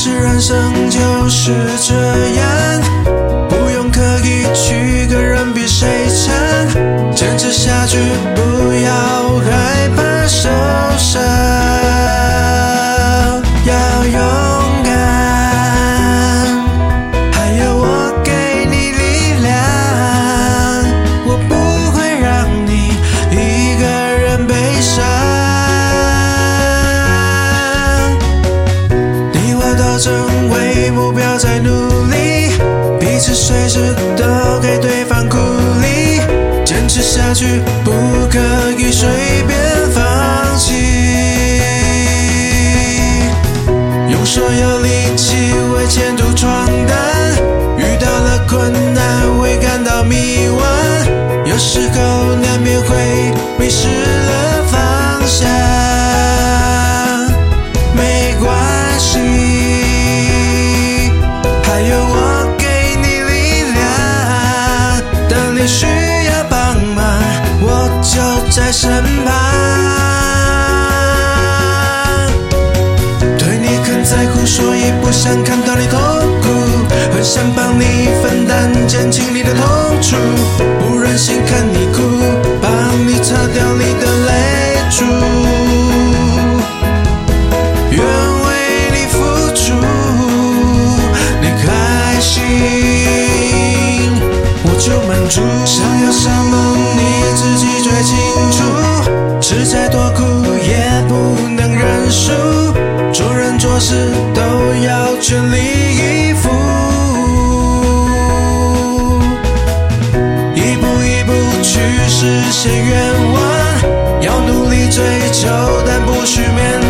其實人生就是這樣。目標在努力，彼此隨時都給對方鼓勵，堅持下去，不可以隨。身旁，對你很在乎，所以不想看到你痛苦，很想幫你分擔減輕你的痛楚，不忍心看你哭，幫你擦掉你的淚珠，願為你付出，你開心我就滿足，想要什麼？吃再多苦也不能認輸，做人做事都要全力以赴，一步一步去實現願望。要努力追求，但不需勉。